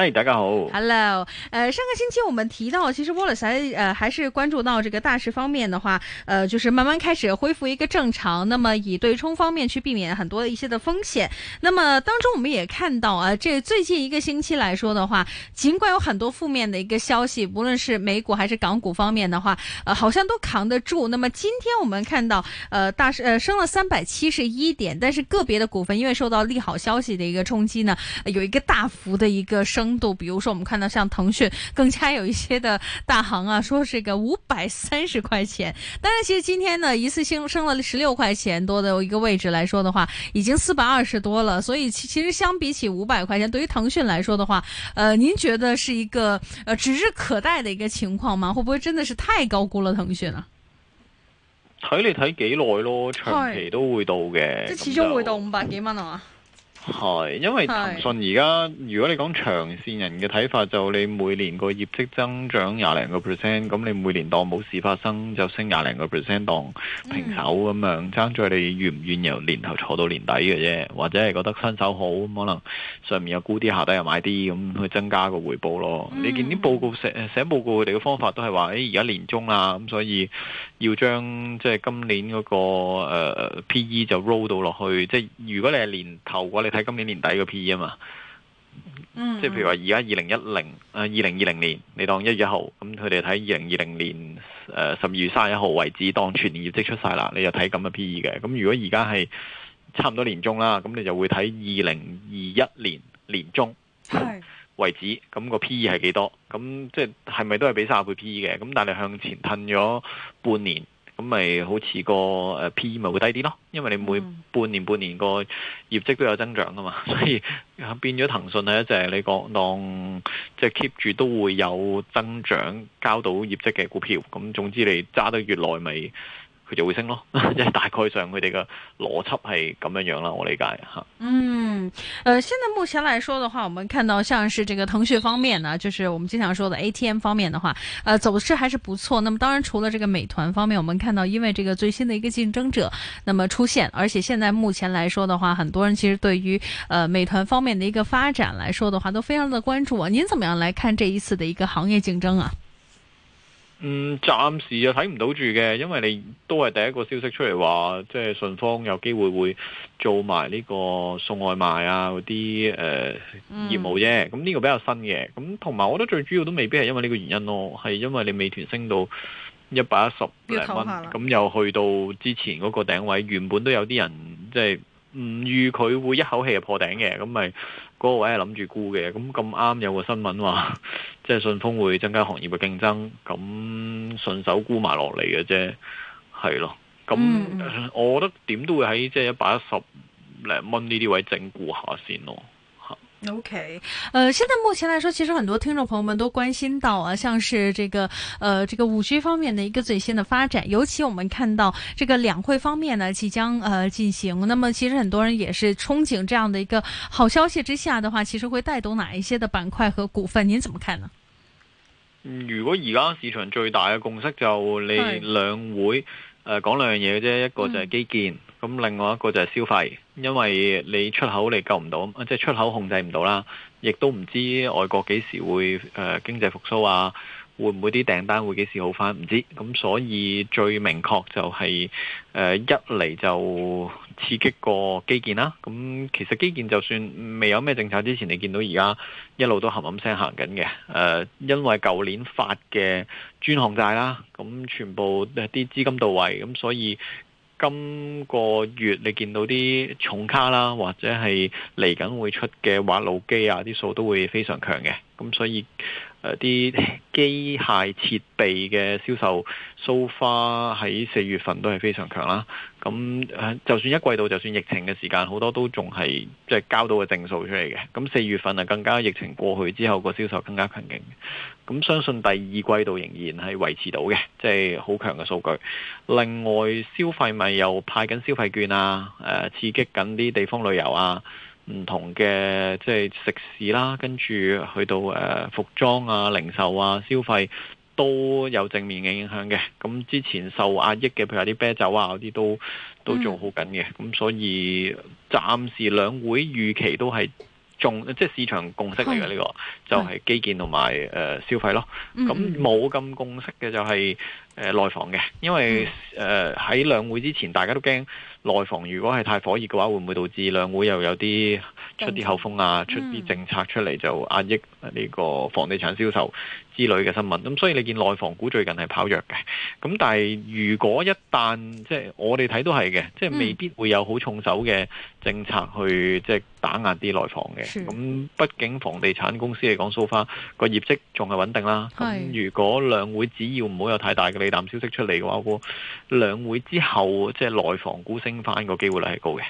嗨，大家好。Hello，呃，上個星期我們提到，其實沃里還呃還是關注到這個大勢方面的話，呃，就是慢慢開始恢復一個正常，那麼以對沖方面去避免很多的一些的風險。那麼當中我們也看到啊，這最近一個星期來說的話，儘管有很多負面的一個消息，不論是美股還是港股方面的話，呃，好像都扛得住。那麼今天我們看到，呃，大勢呃升了三百七十一點，但是個別的股份因為受到利好消息的一個衝擊呢，呃，有一個大幅的一個升。度，比如說我們看到像騰訊，更加有一些的大行啊，說這個五百三十塊錢。當然，其實今天呢，一次性升了十六塊錢多的一個位置來說的話，已經四百二十多了。所以其實相比起五百塊錢，對於騰訊來說的話，呃，您覺得是一個呃指日可待的一個情況嗎？會不會真的是太高估了騰訊啊？睇你睇幾耐咯，長期都會到的，即係始終會到五百幾蚊啊係，因為騰訊而家，如果你講長線人嘅睇法，就你每年個業績增長廿零個 percent，咁你每年當冇事發生就升廿零個 percent 當平手咁樣，爭在、嗯、你願唔願由年頭坐到年底嘅啫，或者係覺得新手好咁，可能上面又沽啲，下底又買啲，咁去增加個回報咯。嗯、你見啲報告寫報告佢哋嘅方法都係話誒而家年中啦，咁所以要將即係今年嗰、嗰個誒、uh, P E 就 roll 到落去，即係如果你係年頭嘅話你睇。今年年底嘅 P/E 啊嘛，即係譬如話而家二零一零啊，二零二零年，你當一月一號，咁佢哋睇二零二零年誒十二月三十一號為止，當全年業績出晒啦，你就睇咁嘅 P/E 嘅。咁如果而家係差唔多年中啦，咁你就會睇二零二一年年中係為止，咁個 P/E 係幾多？咁即係咪都係比三十倍 P/E 嘅？咁但係向前褪咗半年。咁咪好似個誒 P E 咪會低啲咯，因為你每半年半年個業績都有增長噶嘛，所以變咗騰訊呢，就係你個浪即係 keep 住都會有增長交到業績嘅股票。咁總之你揸得越耐咪。佢就會升咯，即係大概上佢哋嘅邏輯係咁樣樣啦，我理解嚇。嗯，呃，現在目前來說的話，我們看到像是這個騰訊方面呢、啊，就是我們經常說的 ATM 方面的話，呃，走勢還是不錯。那麼當然除了這個美團方面，我們看到因為這個最新的一個競爭者，那麼出現，而且現在目前來說的話，很多人其實對於呃美團方面的一個發展來說的話，都非常的關注啊。您怎麼樣來看這一次的一個行業競爭啊？嗯，暫時又睇唔到住嘅，因為你都係第一個消息出嚟話，即係順豐有機會會做埋呢個送外賣啊嗰啲誒業務啫。咁、嗯、呢個比較新嘅，咁同埋我覺得最主要都未必係因為呢個原因咯，係因為你美團升到一百一十零蚊，咁又去到之前嗰個頂位，原本都有啲人即係，就是唔預佢會一口氣就破頂嘅，咁咪嗰個位係諗住沽嘅。咁咁啱有個新聞話，即係順豐會增加行業嘅競爭，咁順手沽埋落嚟嘅啫，係咯。咁我覺得點都會喺即係一百一十零蚊呢啲位整固下先咯。OK，呃、uh，現在目前來說，其實很多聽眾朋友們都關心到啊，像是這個呃這個五 G 方面的一個最新的發展，尤其我們看到這個兩會方面呢，即將呃進行，那麼其實很多人也是憧憬這樣的一個好消息之下的話，其實會帶動哪一些的板塊和股份？您怎麼看呢？如果而家市場最大嘅共識就係你兩會。誒，講兩樣嘢啫，一個就係基建，咁另外一個就係消費，因為你出口你救唔到，即係出口控制唔到啦，亦都唔知外國幾時會誒經濟復甦啊，會唔會啲訂單會幾時好返唔知，咁所以最明確就係、是、誒一嚟就。刺激過基建啦，咁其實基建就算未有咩政策之前，你見到而家一路都冚冚聲行緊嘅。誒、呃，因為舊年發嘅專項債啦，咁全部啲資金到位，咁所以今個月你見到啲重卡啦，或者係嚟緊會出嘅挖路機啊，啲數都會非常強嘅，咁所以。誒、啊，啲機械設備嘅銷售 so far 喺四月份都係非常強啦。咁誒，就算一季度，就算疫情嘅時間，好多都仲係即係交到個正數出嚟嘅。咁四月份啊，更加疫情過去之後，個銷售更加強勁。咁相信第二季度仍然係維持到嘅，即係好強嘅數據。另外，消費咪又派緊消費券啊，誒、啊，刺激緊啲地方旅遊啊。唔同嘅即係食肆啦，跟住去到誒、呃、服裝啊、零售啊、消費都有正面嘅影響嘅。咁之前受壓抑嘅，譬如話啲啤酒啊嗰啲都都做好緊嘅。咁、嗯、所以暫時兩會預期都係。即係市場共識嚟嘅呢個，就係基建同埋誒消費咯。咁冇咁共識嘅就係誒內房嘅，因為誒喺兩會之前，大家都驚內房如果係太火熱嘅話，會唔會導致兩會又有啲出啲口風啊，出啲政策出嚟就壓抑呢個房地產銷售。之類嘅新聞，咁所以你見內房股最近係跑弱嘅，咁但係如果一旦即係、就是、我哋睇都係嘅，即、就、係、是、未必會有好重手嘅政策去即係、就是、打壓啲內房嘅。咁畢竟房地產公司嚟講，so far 個業績仲係穩定啦。咁如果兩會只要唔好有太大嘅利淡消息出嚟嘅話，我估兩會之後即係、就是、內房股升翻個機會率係高嘅。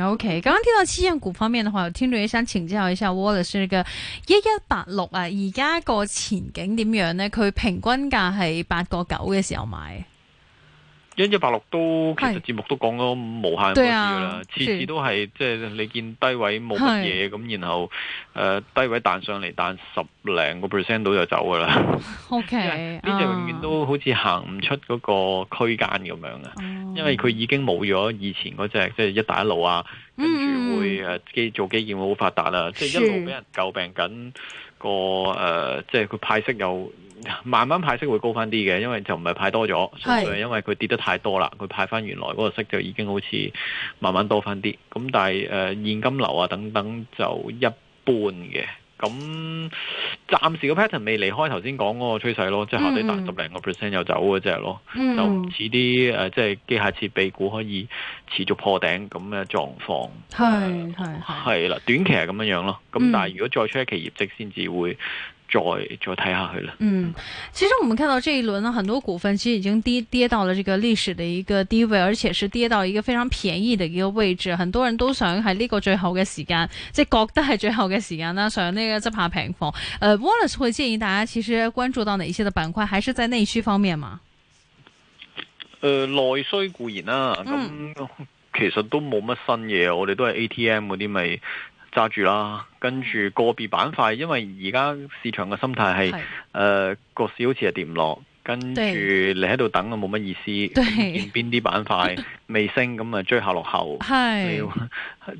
O、okay, K，剛剛聽到資源股方面的話，我聽到啲新請教一下 Wallace 嘅一一八六啊，而家個前景點樣咧？佢平均價係八個九嘅時候買。一一八六都其實節目都講咗無限多次噶啦，次、啊、次都係即係你見低位冇乜嘢咁，然後誒、呃、低位彈上嚟，彈十零個 percent 度就走噶啦。O K，邊隻永遠都好似行唔出嗰個區間咁樣啊？Uh, 因為佢已經冇咗以前嗰隻即係一帶一路啊，跟住會誒基、um, 做基建會好發達啦，即係、就是、一路俾人詬病緊、那個誒，即係佢派息又。慢慢派息會高翻啲嘅，因為就唔係派多咗，純粹係因為佢跌得太多啦，佢派翻原來嗰個息就已經好似慢慢多翻啲。咁但係誒、呃、現金流啊等等就一般嘅。咁暫時的離的個 pattern 未離開頭先講嗰個趨勢咯，即係下跌大十零個 percent 又走嘅啫咯，嗯嗯就唔似啲誒即係機械設備股可以持續破頂咁嘅狀況。係係係啦，短期係咁樣樣咯。咁但係如果再出一期業績，先至會。再再睇下去啦。嗯，其實我們看到這一輪呢，很多股份其實已經跌跌到了這個歷史的一個低位，而且是跌到一個非常便宜的一個位置。很多人都想喺呢個最後嘅時間，即係覺得係最後嘅時間啦，想呢個執下平貨。誒、呃、Wallace 會建議大家，其實關注到哪些的板塊？還是在內需方面嘛？誒、呃，內需固然啦、啊，咁、嗯嗯、其實都冇乜新嘢，我哋都係 ATM 嗰啲咪。揸住啦，跟住個別板塊，因為而家市場嘅心態係誒個市好似係跌唔落，跟住你喺度等嘅冇乜意思，見邊啲板塊 未升，咁啊追下落後，係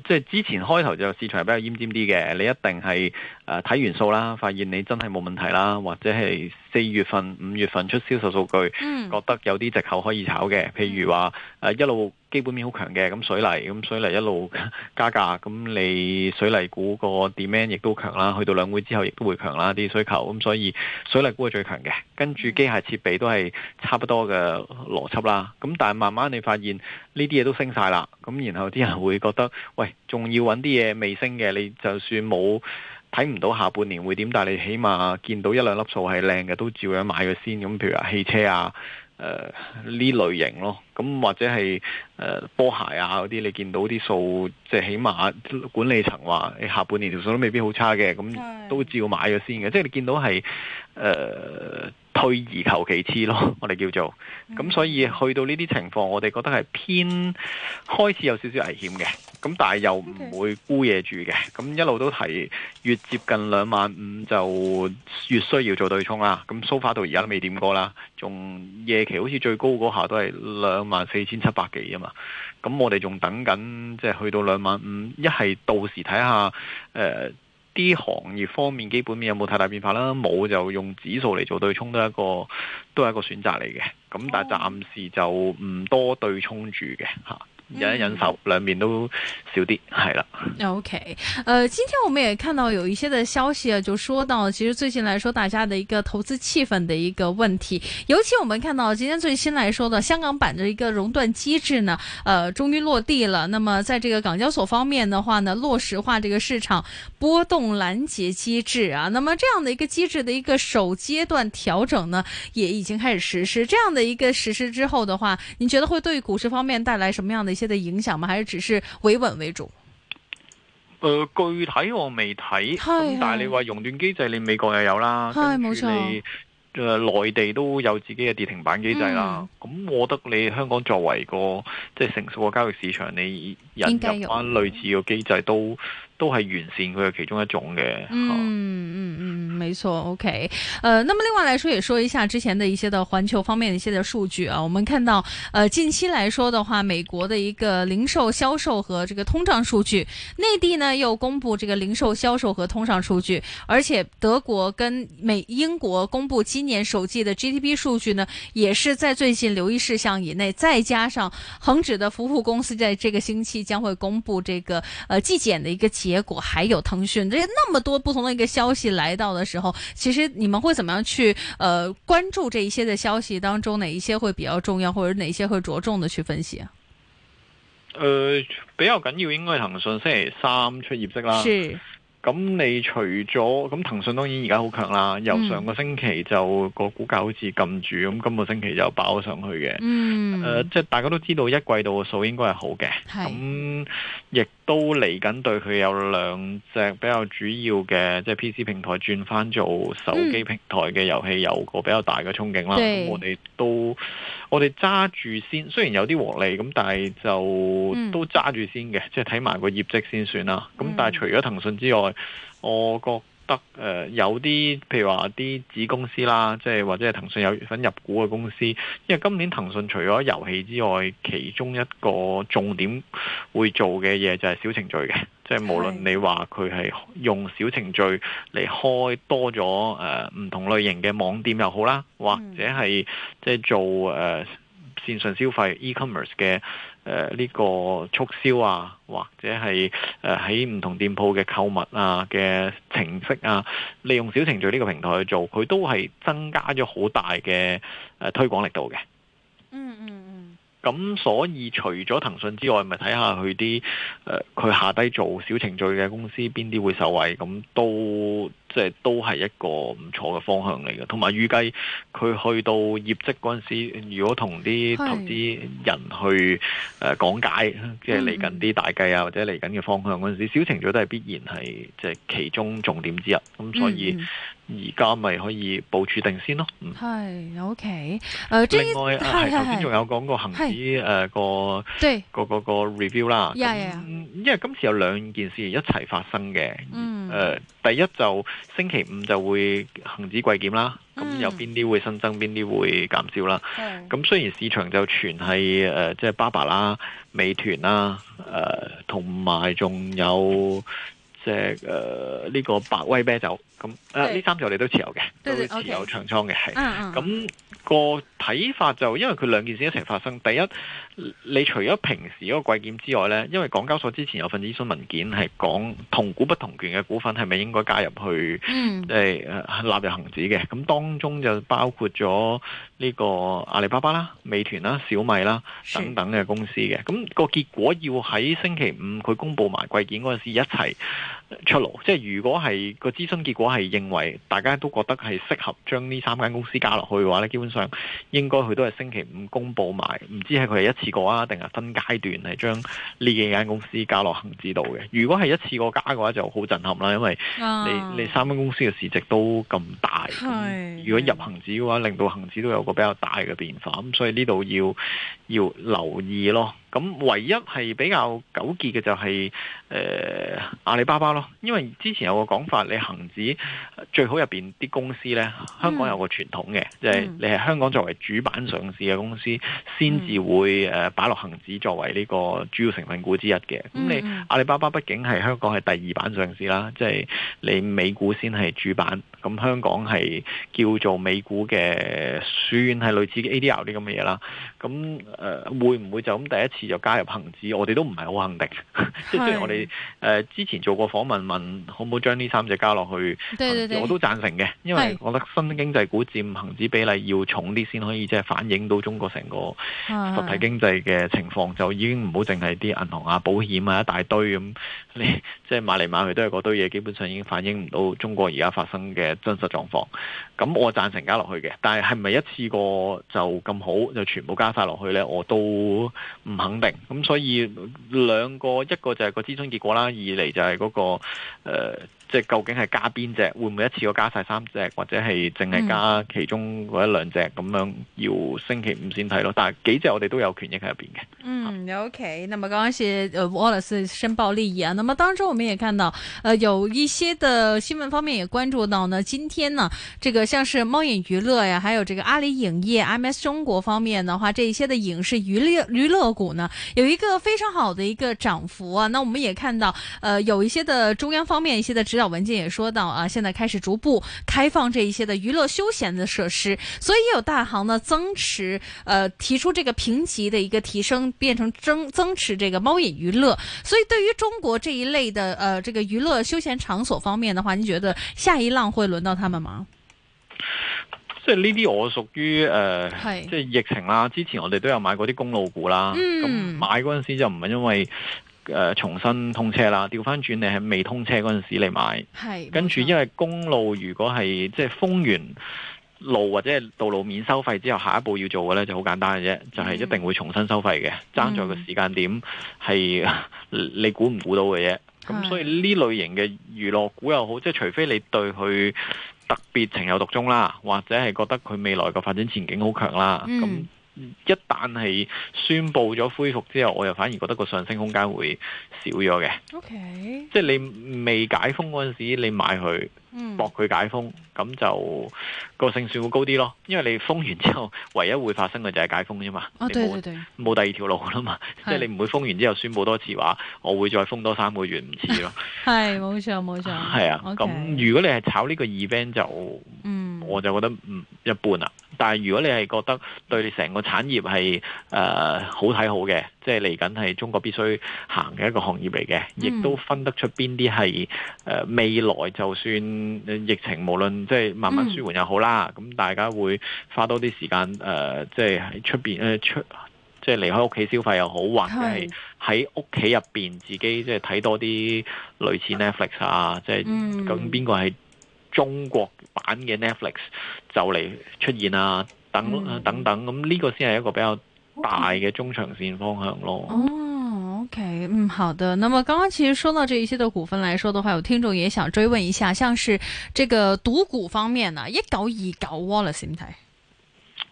即係之前開頭就市場係比較奄尖啲嘅，你一定係誒睇完數啦，發現你真係冇問題啦，或者係四月份、五月份出銷售數據，嗯、覺得有啲借口可以炒嘅，譬如話誒、嗯啊、一路。基本面好強嘅，咁水泥咁水泥一路加價，咁你水泥股個 demand 亦都強啦，去到兩會之後亦都會強啦，啲需求，咁所以水泥股係最強嘅，跟住機械設備都係差不多嘅邏輯啦，咁但係慢慢你發現呢啲嘢都升晒啦，咁然後啲人會覺得，喂，仲要搵啲嘢未升嘅，你就算冇睇唔到下半年會點，但係你起碼見到一兩粒數係靚嘅，都照樣買佢先，咁譬如話，啊，汽車啊。誒、呃、呢類型咯，咁或者係誒、呃、波鞋啊嗰啲，你見到啲數，即係起碼管理層話，你下半年條數都未必好差嘅，咁都照買咗先嘅，即係你見到係誒。呃。退而求其次咯，我哋叫做，咁所以去到呢啲情況，我哋覺得係偏開始有少少危險嘅，咁但係又唔會沽夜住嘅，咁一路都提越接近兩萬五就越需要做對沖啦，咁 so far 到而家都未掂過啦，仲夜期好似最高嗰下都係兩萬四千七百幾啊嘛，咁我哋仲等緊即係去到兩萬五，一係到時睇下誒。呃啲行業方面基本面有冇太大變化啦？冇，就用指數嚟做對沖都係一個都係一個選擇嚟嘅。咁但係暫時就唔多對沖住嘅嚇。忍一忍手，兩面都少啲，係啦。OK，呃，今天我們也看到有一些的消息啊，就說到其實最近來說大家的一個投資氣氛的一個問題，尤其我們看到今天最新來說的香港版的一個熔斷機制呢，呃，終於落地了。那麼在這個港交所方面的話呢，落實化這個市場波動攔截機制啊，那麼這樣的一個機制的一個首階段調整呢，也已經開始實施。這樣的一個實施之後的話，你覺得會對於股市方面帶來什麼樣的？一些影響嗎？還是只是維穩為主？誒、具體我未睇，但係你話熔斷機制，你美國又有啦，咁、哎、你誒內地都有自己嘅跌停板機制啦。咁、嗯嗯、我覺得你香港作為個即係、就是、成熟嘅交易市場，你引入翻類似嘅機制都。都係完善佢嘅其中一種嘅。嗯嗯嗯，沒錯，OK，呃，那麼另外來說，也說一下之前的一些的環球方面的一些的數據啊。我們看到，呃，近期來說的話，美國的一個零售銷售和這個通脹數據，內地呢又公布這個零售銷售和通脹數據。而且德國跟美英國公布今年首季的 GDP 數據呢，也是在最近留意事項以內，再加上恒指的服務公司，在這個星期將會公布這個呃，季檢的一個。結果還有騰訊這些那麼多不同的一個消息來到的時候，其實你們會怎麼樣去呃關注這一些的消息當中哪一些會比較重要，或者哪些會着重的去分析？呃，比較緊要應該騰訊星期三出業績啦。是。咁你除咗咁，騰訊當然而家好強啦。由上個星期就個、嗯、股價好似撳住，咁今個星期就爆咗上去嘅。誒、嗯，即、呃、係、就是、大家都知道一季度嘅數應該係好嘅。咁亦都嚟緊對佢有兩隻比較主要嘅，即、就、係、是、PC 平台轉翻做手機平台嘅遊戲有個比較大嘅憧憬啦。咁我哋都我哋揸住先，雖然有啲獲利，咁但係就、嗯、都揸住先嘅，即係睇埋個業績先算啦。咁、嗯、但係除咗騰訊之外，我覺得誒、呃，有啲譬如話啲子公司啦，即係或者係騰訊有份入股嘅公司，因為今年騰訊除咗遊戲之外，其中一個重點會做嘅嘢就係小程序嘅，即係無論你話佢係用小程序嚟開多咗誒唔同類型嘅網店又好啦，或者係即係做誒、呃、綫上消費 e-commerce 嘅。E 誒、這、呢個促銷啊，或者係誒喺唔同店鋪嘅購物啊嘅程式啊，利用小程序呢個平台去做，佢都係增加咗好大嘅推廣力度嘅。嗯嗯。咁所以除咗騰訊之外，咪睇、呃、下佢啲誒佢下低做小程序嘅公司邊啲會受惠，咁都即係都係一個唔錯嘅方向嚟嘅。同埋預計佢去到業績嗰陣時，如果同啲投資人去誒講、呃、解，即係嚟緊啲大計啊，或者嚟緊嘅方向嗰陣時、嗯、小程序都係必然係即係其中重點之一。咁所以。嗯而家咪可以部署定先咯，嗯。係，OK。誒，另外係頭先仲有講過恆指誒個，對，嗰個個 review 啦。係啊。因為今次有兩件事一齊發生嘅。嗯。誒，第一就星期五就會恆指季檢啦，咁有邊啲會新增，邊啲會減少啦。嗯。咁雖然市場就全係誒，即係巴巴啦、美團啦、誒，同埋仲有。即係誒呢個百威啤酒咁，誒呢、啊、三隻我哋都持有嘅，都持有長倉嘅，係咁、嗯，那個睇法就因為佢兩件事一齊發生，第一。你除咗平時嗰個季檢之外咧，因為港交所之前有份諮詢文件係講同股不同權，嘅股份係咪應該加入去，誒、嗯、納、呃、入恆指嘅，咁當中就包括咗呢個阿里巴巴啦、美團啦、小米啦等等嘅公司嘅，咁、那個結果要喺星期五佢公佈埋季檢嗰陣時一齊出爐，即係如果係、那個諮詢結果係認為大家都覺得係適合將呢三間公司加落去嘅話咧，基本上應該佢都係星期五公佈埋，唔知係佢係一次試過啊，定係分階段係將呢幾間公司加落恆指度嘅？如果係一次過加嘅話，就好震撼啦，因為你你三間公司嘅市值都咁大。如果入恆指嘅話，令到恆指都有個比較大嘅變化，咁所以呢度要要留意咯。咁唯一係比較糾結嘅就係、是、誒、呃、阿里巴巴咯，因為之前有個講法，你恒指最好入邊啲公司咧，香港有個傳統嘅、嗯、就係、是、你係香港作為主板上市嘅公司，先、嗯、至會誒擺落恒指作為呢個主要成分股之一嘅。咁、嗯、你阿里巴巴畢竟係香港係第二板上市啦，即、就、係、是、你美股先係主板，咁香港係叫做美股嘅，算係類似嘅 ADR 啲咁嘅嘢啦。咁誒、呃、會唔會就咁第一次？又加入恒指，我哋都唔係好肯定。即係雖然我哋誒、呃、之前做過訪問，問，問可唔可以將呢三隻加落去，對對對，我都贊成嘅，因為我覺得新經濟股佔恒指比例要重啲，先可以即係反映到中國成個實體經濟嘅情況。就已經唔好淨係啲銀行啊、保險啊一大堆咁，你即係買嚟買去都係嗰堆嘢，基本上已經反映唔到中國而家發生嘅真實狀況，咁我贊成加落去嘅，但係係咪一次過就咁好就全部加晒落去咧？我都唔係。肯定咁，所以兩個一個就係個諮詢結果啦，二嚟,就係嗰、那個誒。呃即係究竟係加邊隻，會唔會一次過加晒三隻，或者係淨係加其中嗰一兩隻咁樣，要星期五先睇咯。但係幾隻我哋都有權益喺入邊嘅。嗯，OK。那麼剛剛、呃、Wallace 申報利益啊。那麼當中我們也看到、呃，有一些的新聞方面也關注到呢。今天呢，這個像是貓眼娛樂呀、啊，還有這個阿里影業、MS 中國方面的話，這一些的影視娛樂娛樂股呢，有一個非常好的一個漲幅啊。那我們也看到，呃、有一些的中央方面一些的職資料文件也說到啊，現在開始逐步開放這一些的娛樂休閒的設施，所以也有大行呢增持，呃，提出這個評級的一個提升，變成增增持這個貓眼娛樂。所以對於中國這一類的呃這個娛樂休閒場所方面的話，您覺得下一浪會輪到他們嗎？即係呢啲我屬於呃是，即疫情啦，之前我哋都有買過啲公路股啦，咁、嗯、買嗰陣時就唔係因為。誒、呃，重新通車啦，調翻轉你係未通車嗰陣時嚟買，係跟住因為公路如果係即係封完路或者係道路免收費之後，下一步要做嘅呢就好簡單嘅啫，就係、是、一定會重新收費嘅，爭、嗯、咗個時間點係、嗯、 你估唔估到嘅啫。咁所以呢類型嘅娛樂股又好，即係除非你對佢特別情有獨鍾啦，或者係覺得佢未來個發展前景好強啦，咁、嗯。一旦係宣布咗恢復之後，我又反而覺得個上升空間會少咗嘅。O、okay. K，即係你未解封嗰陣時，你買佢博佢解封，咁、嗯、就個勝算會高啲咯。因為你封完之後，唯一會發生嘅就係解封啫嘛。冇、哦、第二條路啦嘛。係即係你唔會封完之後宣佈多次的話，我會再封多三個月唔似咯。係 冇錯，冇錯。係啊，咁、okay. 如果你係炒呢個 event 就、嗯我就覺得唔一般啦，但係如果你係覺得對你成個產業係誒、呃、好睇好嘅，即係嚟緊係中國必須行嘅一個行業嚟嘅，亦、嗯、都分得出邊啲係誒未來，就算疫情無論即係慢慢舒緩又好啦，咁、嗯、大家會花多啲時間誒，即係喺出邊誒出，即、就、係、是、離開屋企消費又好，或者係喺屋企入邊自己即係睇多啲類似 Netflix 啊，即係究竟邊個係？就是中國版嘅 Netflix 就嚟出現啊，等等等，咁、嗯、呢、嗯這個先係一個比較大嘅中長線方向咯。哦、oh,，OK，嗯、um,，好的。那麼剛剛其實說到這一些的股份來說的話，有聽眾也想追問一下，像是這個賭股方面啊，一九二九 Wallace 點睇？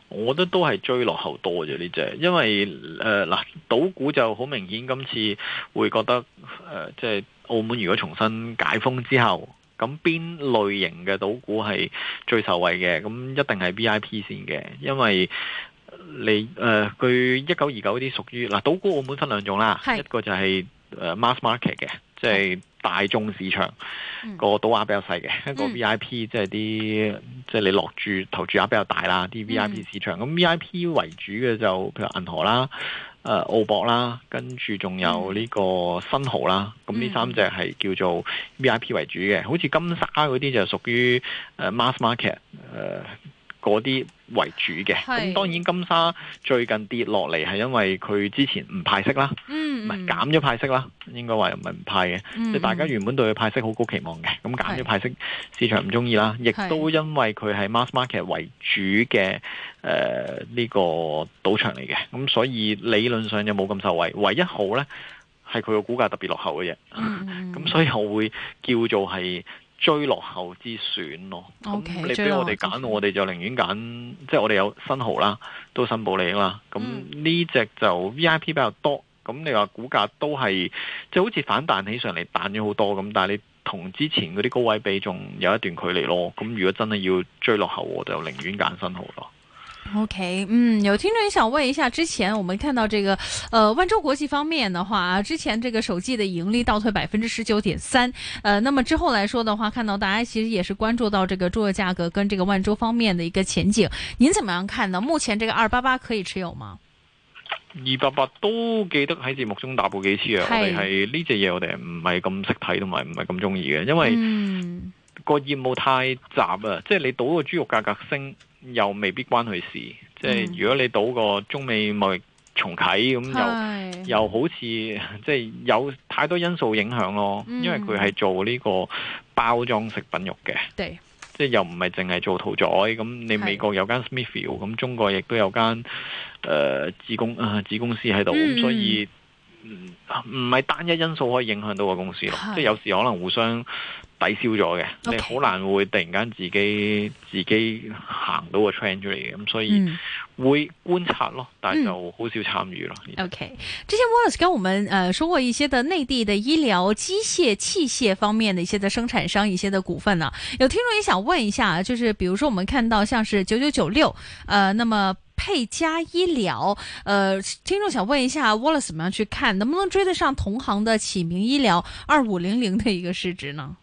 我覺得都係追落後多嘅呢隻，因為誒嗱、呃，賭股就好明顯今次會覺得誒，即、呃、係、就是、澳門如果重新解封之後。咁邊類型嘅賭股係最受惠嘅？咁一定係 VIP 先嘅，因為你誒，據一九二九啲屬於嗱，賭股澳門分兩種啦，一個就係誒 mass market 嘅，即係大眾市場，個賭額比較細嘅；一個 VIP，即係啲即係你落注投注額比較大啦，啲 VIP 市場，咁、嗯、VIP 為主嘅就譬如銀河啦。誒、呃、澳博啦，跟住仲有呢個新濠啦，咁、嗯、呢三隻係叫做 VIP 為主嘅，好似金沙嗰啲就屬於誒 mass market 誒、呃、嗰啲為主嘅，咁當然金沙最近跌落嚟係因為佢之前唔派息啦，唔、嗯、係、嗯、減咗派息啦，應該話又唔係唔派嘅，即、嗯、係、嗯、大家原本對佢派息好高期望嘅，咁減咗派息，市場唔中意啦，亦都因為佢係 mass market 為主嘅誒呢個賭場嚟嘅，咁所以理論上就冇咁受惠，唯一好呢係佢個股價特別落後嘅啫，咁、嗯嗯、 所以我會叫做係，追落後之選咯，咁、okay，你俾我哋揀，我哋就寧願揀，即、嗯、係、就是、我哋有新豪啦，都新保利啦，咁呢隻就 V I P 比較多，咁你話股價都係即係好似反彈起上嚟，彈咗好多咁，但係你同之前嗰啲高位比仲有一段距離咯，咁如果真係要追落後，我就寧願揀新豪咯。OK，嗯，有聽眾也想問一下，之前我們看到這個，呃，萬洲國際方面的話，之前這個首季的盈利倒退百分之十九點三，呃，那麼之後來說的話，看到大家其實也是關注到這個豬肉價格跟這個萬洲方面的一個前景，您怎麼樣看呢？目前這個二八八可以持有嗎？二八八都記得喺節目中打過幾次啊，我哋係呢隻嘢我哋唔係咁識睇，同埋唔係咁中意嘅，因為、嗯。個業務太雜啊！即係你賭個豬肉價格升，又未必關佢事。嗯、即係如果你賭個中美貿易重啟咁，又又好似即係有太多因素影響咯、嗯。因為佢係做呢個包裝食品肉嘅，即係又唔係淨係做屠宰。咁你美國有間 Smithfield 咁中國亦都有間誒、呃、子公啊、呃、子公司喺度、嗯。咁所以唔唔係單一因素可以影響到個公司咯。是即係有時可能互相。抵消咗嘅，你好難會突然間自己自己行到個 trend 出嚟嘅，咁所以會觀察咯，但係就好少參與咯。 嗯、OK，之前 Wallace 跟我們誒、呃、說過一些的內地的醫療機械器械方面的一些的生產商一些的股份啊，有聽眾也想問一下，就是比如說我們看到像是九九九六，呃，那麼沛嘉醫療，呃，聽眾想問一下 Wallace 怎麼樣去看，能不能追得上同行的啟明醫療二五零零的一個市值呢？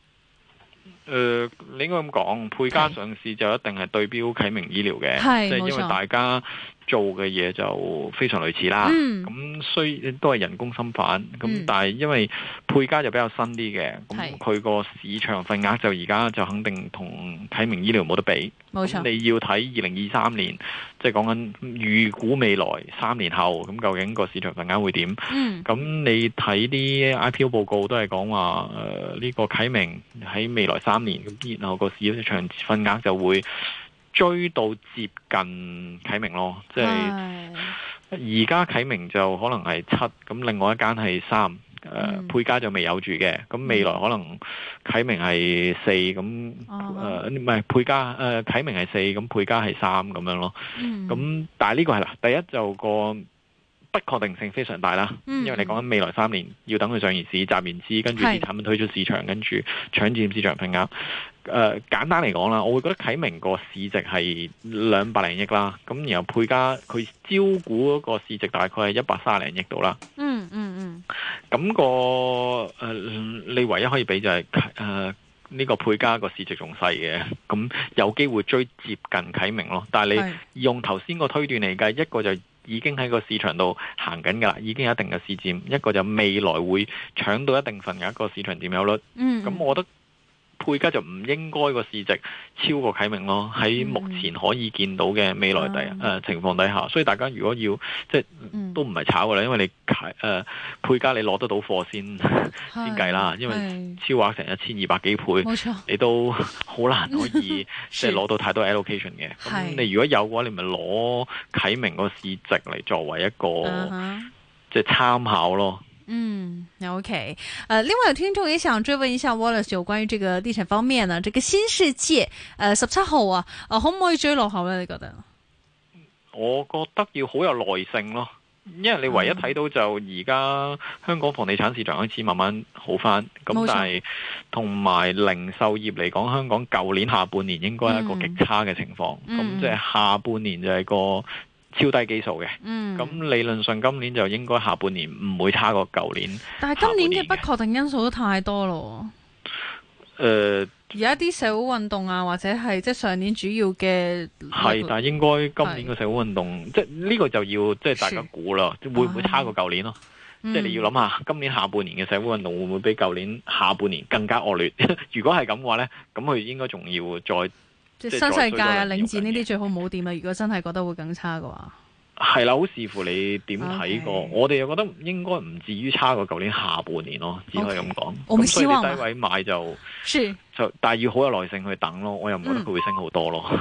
誒、呃，你應該咁講，配加上市就一定係對標啟明醫療嘅，即係因為大家做嘅嘢就非常類似啦，咁、嗯嗯、雖都係人工心瓣，咁、嗯嗯、但係因為沛嘉就比較新啲嘅，咁佢個市場份額就而家就肯定同啟明醫療冇得比。冇錯、嗯，你要睇二零二三年，即係講緊預估未來三年後，咁究竟個市場份額會點？咁、嗯嗯嗯、你睇啲 IPO 報告都係講話，呢、呃這個啟明喺未來三年，咁然後個市場份額就會。追到接近啟明咯，即係而家啟明就可能係七，咁另外一間係三、呃嗯，配家就未有住嘅，咁未來可能啟明係四，咁、哦呃、唔係配家呃啟明係四，咁配家係三咁樣咯，咁、嗯、但係呢個係啦，第一就個。不確定性非常大啦，嗯、因為你講緊未來三年要等佢上完市集完資，跟住啲產品推出市場，跟住搶佔市場份額。誒、呃，簡單嚟講啦，我會覺得啟明個市值係兩百零億啦，咁然後沛嘉佢招股嗰個市值大概係一百三十零億度啦。嗯嗯嗯，咁、嗯那個誒、呃，你唯一可以比就係誒呢個沛嘉個市值仲細嘅，咁有機會追接近啟明咯。但係你用頭先個推斷嚟計，一個就是。已經喺個市場度行緊㗎啦，已經有一定嘅市佔。一個就未來會搶到一定份額的一個市場佔有率。嗯，咁我覺得。配家就唔應該個市值超過啟明咯，喺目前可以見到嘅未來第誒、嗯呃、情況底下，所以大家如果要即係、嗯、都唔係炒嘅啦，因為你啟誒、呃、配家你攞得到貨先 先計啦，因為超額成一千二百幾倍，冇錯，你都好難可以即係攞到太多 allocation 嘅。咁你如果有嘅話，你咪攞啟明個市值嚟作為一個、嗯、即係參考咯。嗯，OK，誒、uh，另外有聽眾也想追問一下 Wallace 有關於這個地產方面呢？這個新世界，誒，十七號啊，誒，可唔可以追落後呢？你覺得？我覺得要好有耐性咯，因為你唯一睇到就而家香港房地產市場開始慢慢好翻，咁、嗯、但係同埋零售業嚟講，香港舊年下半年應該係一個極差嘅情況，咁即係下半年就係個。超低基數嘅，咁、嗯、理論上今年就應該下半年唔會差過舊年，年。但係今年嘅不確定因素都太多咯。誒、呃，有一啲社會運動啊，或者係即係上年主要嘅係，但係應該今年嘅社會運動，即係呢個就要即係大家估啦，會唔會差過舊年咯、嗯？即係你要諗下，今年下半年嘅社會運動會唔會比舊年下半年更加惡劣？ 如果係咁嘅話呢，咁佢應該仲要再。即係新世界啊、領展呢啲最好冇掂啊。如果真係覺得會更差嘅話，係啦，好視乎你點睇過。Okay. 我哋又覺得應該唔至於差過舊年下半年咯，只可以咁講。Okay. 所以啲低位買就就，但係要好有耐性去等咯。我又唔覺得佢會升好多咯。嗯